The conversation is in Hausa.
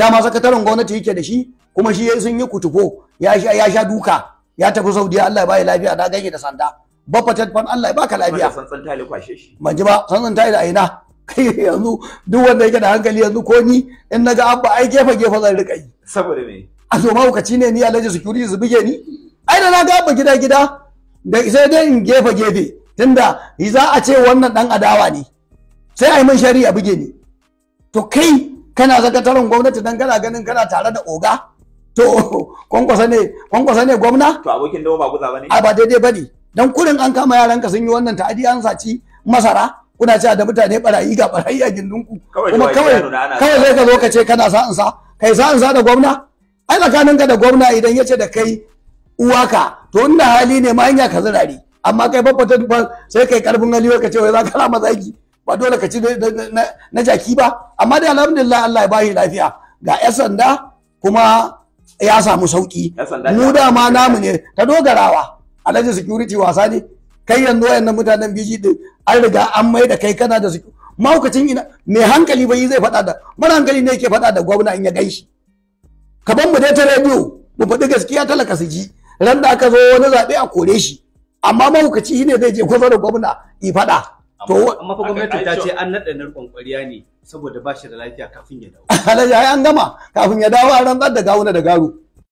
dama sakataren gwamnati yake da shi kuma shi sun yi kutufo ya sha duka ya tafi saudiya Allah ya bai lafiya na ganye da sanda baffa fan Allah ya baka lafiya san tali kwashe shi ban ba san tali da aina yanzu duk wanda yake da hankali yanzu ko ni in naga abba ai gefe gefe zan rika yi saboda me a zo mahaukaci ne ni alhaji security su buge ni ai da na ga abba gida gida da sai dai in gefe gefe tunda za a ce wannan dan adawa ne sai a yi min shari'a buge ni to kai kana sakataren gwamnati dan kana ganin kana tare da oga to kwankwasa ne kwankwasa ne gwamna to abokin dawo ba guza bane a ba daidai bane dan kurin an kama yaranka sun yi wannan ta'adi an saci masara kuna cewa da mutane barayi ga barayi a gindinku kuma kawai kawai sai ka zo ka ce kana sa'an sa kai sa'an sa da gwamna ai ka da gwamna idan ya ce da kai uwaka to inda hali ne ma hanya ka zirare amma kai babba ta sai kai karfin hali ka ce wai za ka rama zaki ba dole ka ci na jaki ba amma dai alhamdulillah Allah ya bashi lafiya ga 'yan sanda kuma ya samu sauki mu dama namu ne ta dogarawa alhaji security wasa ne kai yanzu wayannan mutanen biji din an riga an mai da kai kana da su. ina mai hankali bai zai faɗa da mara hankali ne yake faɗa da gwamna in ya gaishi ka ban mu dai ta rediyo mu faɗi gaskiya talaka su ji ran da aka zo wani zaɓe a kore shi amma mahaukaci ne zai je kusa da gwamna i faɗa To amma fa gwamnati ta ce an naɗa narkon ƙwariya ne saboda ba shi da lafiya kafin ya dawo. Alhaji ai an gama kafin ya dawo an rantsar da gawuna da garu.